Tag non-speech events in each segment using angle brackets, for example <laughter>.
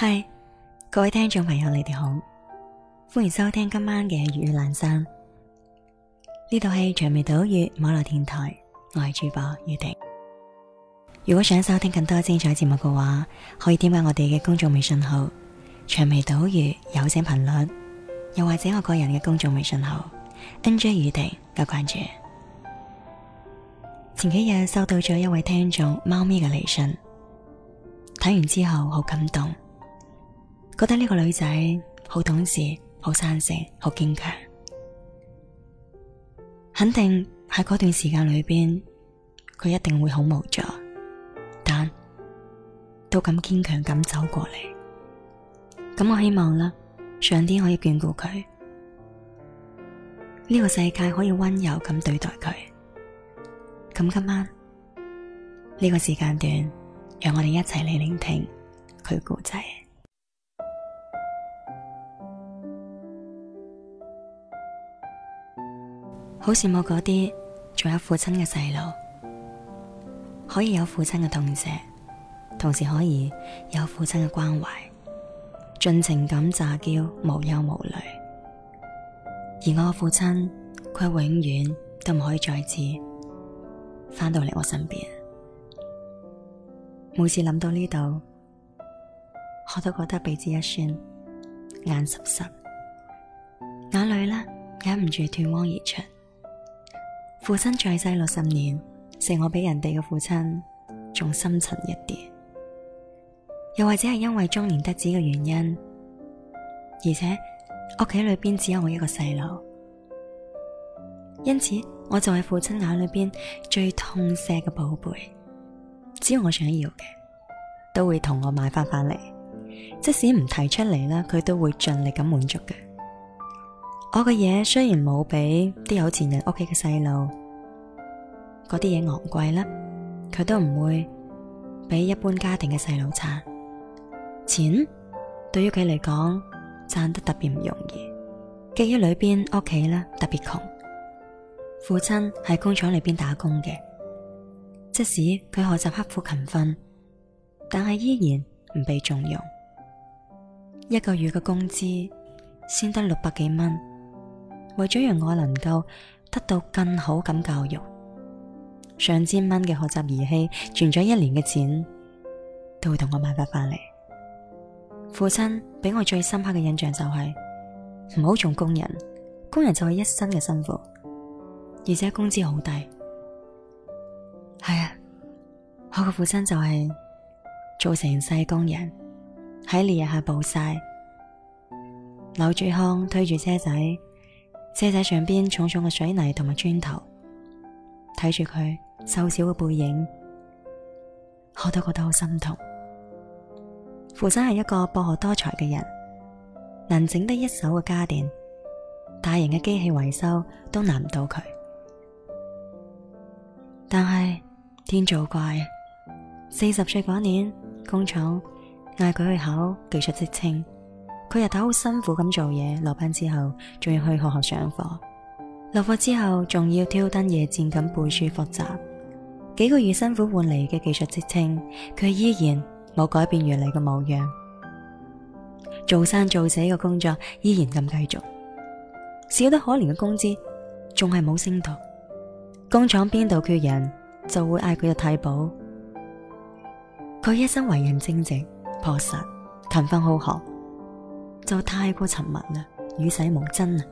嗨，Hi，各位聽眾朋友，你哋好，歡迎收聽今晚嘅粵語冷身。呢度係長眉島嶼網絡電台，我係主播雨婷。如果想收聽更多精彩節目嘅話，可以添加我哋嘅公眾微信號長眉島嶼有聲頻率，又或者我個人嘅公眾微信號 NJ 雨婷加關注。前幾日收到咗一位聽眾貓咪嘅嚟信，睇完之後好感動。覺得呢個女仔好懂事，好生性，好堅強，肯定喺嗰段時間裏邊，佢一定會好無助，但都咁堅強咁走過嚟。咁我希望啦，上天可以眷顧佢，呢個世界可以溫柔咁對待佢。咁今晚呢個時間段，讓我哋一齊嚟聆聽佢故仔。好羨慕嗰啲仲有父親嘅細路，可以有父親嘅痛錫，同時可以有父親嘅關懷，盡情咁詐嬌，無憂無慮。而我嘅父親，佢永遠都唔可以再次翻到嚟我身邊。每次諗到呢度，我都覺得鼻子一酸，眼濕濕，眼淚呢，忍唔住奪眶而出。父親再細六十年，成我比人哋嘅父親仲深沉一啲，又或者係因為中年得子嘅原因，而且屋企裏邊只有我一個細路，因此我就係父親眼裏邊最痛錫嘅寶貝，只要我想要嘅，都會同我買翻返嚟，即使唔提出嚟啦，佢都會盡力咁滿足嘅。我嘅嘢雖然冇俾啲有錢人屋企嘅細路嗰啲嘢昂貴啦，佢都唔會比一般家庭嘅細路差。錢對於佢嚟講賺得特別唔容易，記憶裏邊屋企啦特別窮，父親喺工廠裏邊打工嘅，即使佢學習刻苦勤奮，但係依然唔被重用，一個月嘅工資先得六百幾蚊。為咗讓我能夠得到更好咁教育，上千蚊嘅學習儀器存咗一年嘅錢，都會同我買翻翻嚟。父親俾我最深刻嘅印象就係唔好做工人，工人就係一生嘅辛苦，而且工資好低。係、哎、啊，我個父親就係、是、做成世工人，喺烈日下暴曬，扭住康推住車仔。車仔上邊重重嘅水泥同埋磚頭，睇住佢瘦小嘅背影，我都覺得好心痛。父親係一個博學多才嘅人，能整得一手嘅家電，大型嘅機器維修都難唔到佢。但係天做怪，四十歲嗰年，工廠嗌佢去考技術職稱。佢日頭好辛苦咁做嘢，落班之後仲要去學校上課，落課之後仲要挑燈夜戰咁背書複習。幾個月辛苦換嚟嘅技術職稱，佢依然冇改變原來嘅模樣，做生做死嘅工作依然咁繼續，少得可憐嘅工資仲係冇升到。工廠邊度缺人就會嗌佢去替補。佢一生為人正直、樸實、勤奮好學。都太過沉默啦，與世無爭啦，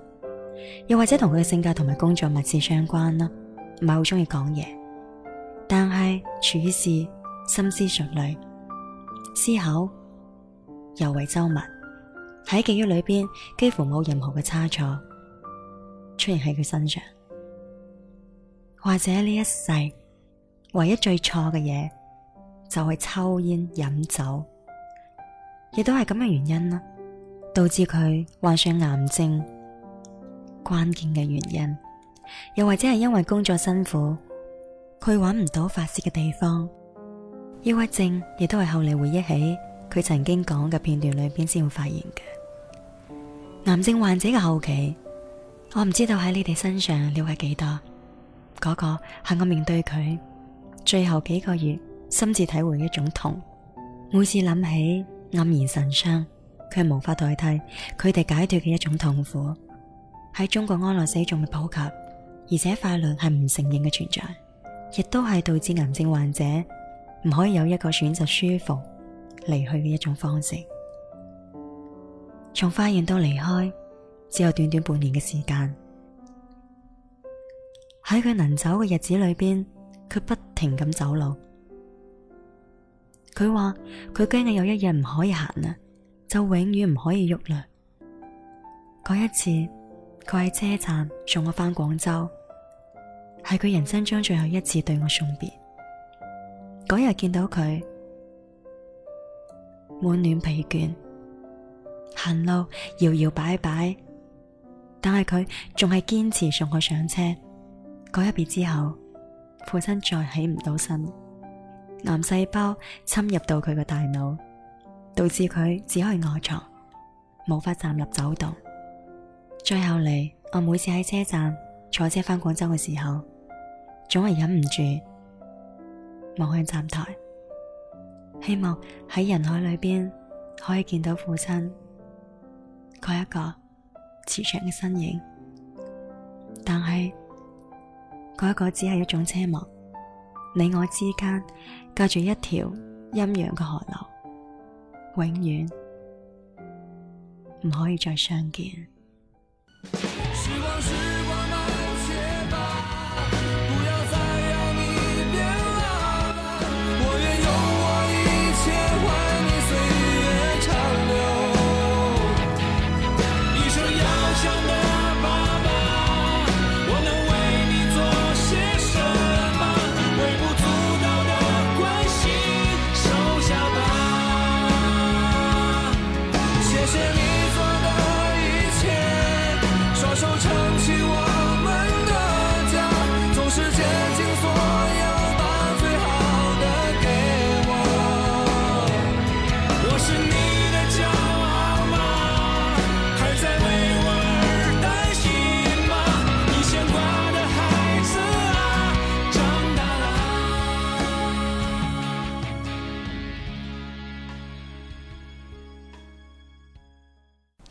又或者同佢嘅性格同埋工作密切相關啦，唔係好中意講嘢，但係處事心思熟慮，思考尤為周密，喺記憶裏邊幾乎冇任何嘅差錯出現喺佢身上，或者呢一世唯一最錯嘅嘢就係抽煙飲酒，亦都係咁嘅原因啦。導致佢患上癌症，關鍵嘅原因，又或者係因為工作辛苦，佢搵唔到發泄嘅地方，抑鬱症亦都係後嚟回憶起佢曾經講嘅片段裏邊先會發現嘅。癌症患者嘅後期，我唔知道喺你哋身上了解幾多，嗰個係我面對佢最後幾個月，深切體會一種痛，每次諗起黯然神傷。佢係無法代替佢哋解脫嘅一種痛苦。喺中國安樂死仲未普及，而且法律係唔承認嘅存在，亦都係導致癌症患者唔可以有一個選擇舒服離去嘅一種方式。從發現到離開，只有短短半年嘅時間。喺佢能走嘅日子裏邊，佢不停咁走路。佢話佢驚你有一日唔可以行啊！就永遠唔可以喐啦！嗰一次，佢喺車站送我返廣州，係佢人生中最後一次對我送別。嗰日見到佢滿臉疲倦、行路搖搖擺擺，但係佢仲係堅持送我上車。嗰一別之後，父親再起唔到身，癌細胞侵入到佢嘅大腦。導致佢只可以臥床，無法站立走動。最後嚟，我每次喺車站坐車返廣州嘅時候，總係忍唔住望向站台，希望喺人海裏邊可以見到父親嗰一個慈祥嘅身影。但係嗰一個只係一種奢望，你我之間隔住一條陰陽嘅河流。永遠。唔可以再相見。 <music>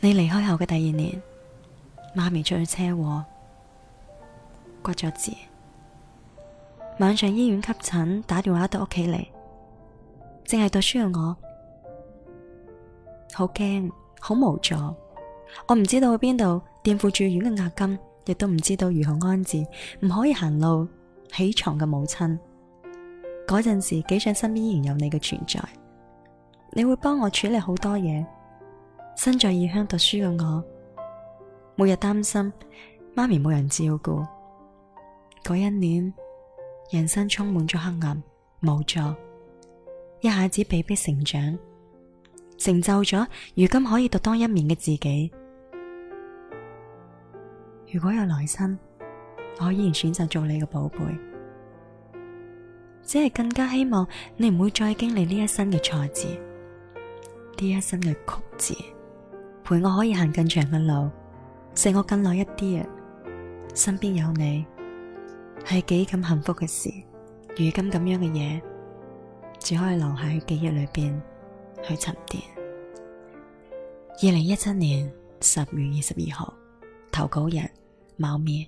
你離開後嘅第二年，媽咪出咗車禍，骨折咗。晚上醫院急診打電話到屋企嚟，淨係讀書嘅我，好驚，好無助。我唔知道去邊度墊付住院嘅押金，亦都唔知道如何安置唔可以行路、起床嘅母親。嗰陣時，幾想身邊依然有你嘅存在，你會幫我處理好多嘢。身在異鄉讀書嘅我，每日擔心媽咪冇人照顧。嗰一年，人生充滿咗黑暗，冇助，一下子被迫成長，成就咗如今可以獨當一面嘅自己。如果有來生，我依然選擇做你嘅寶貝，只係更加希望你唔會再經歷呢一生嘅挫折，呢一生嘅曲折。陪我可以行更長嘅路，錫我更耐一啲啊！身邊有你係幾咁幸福嘅事，如今咁樣嘅嘢只可以留喺記憶裏面去沉澱。二零一七年十月二十二號，投稿人：貓面。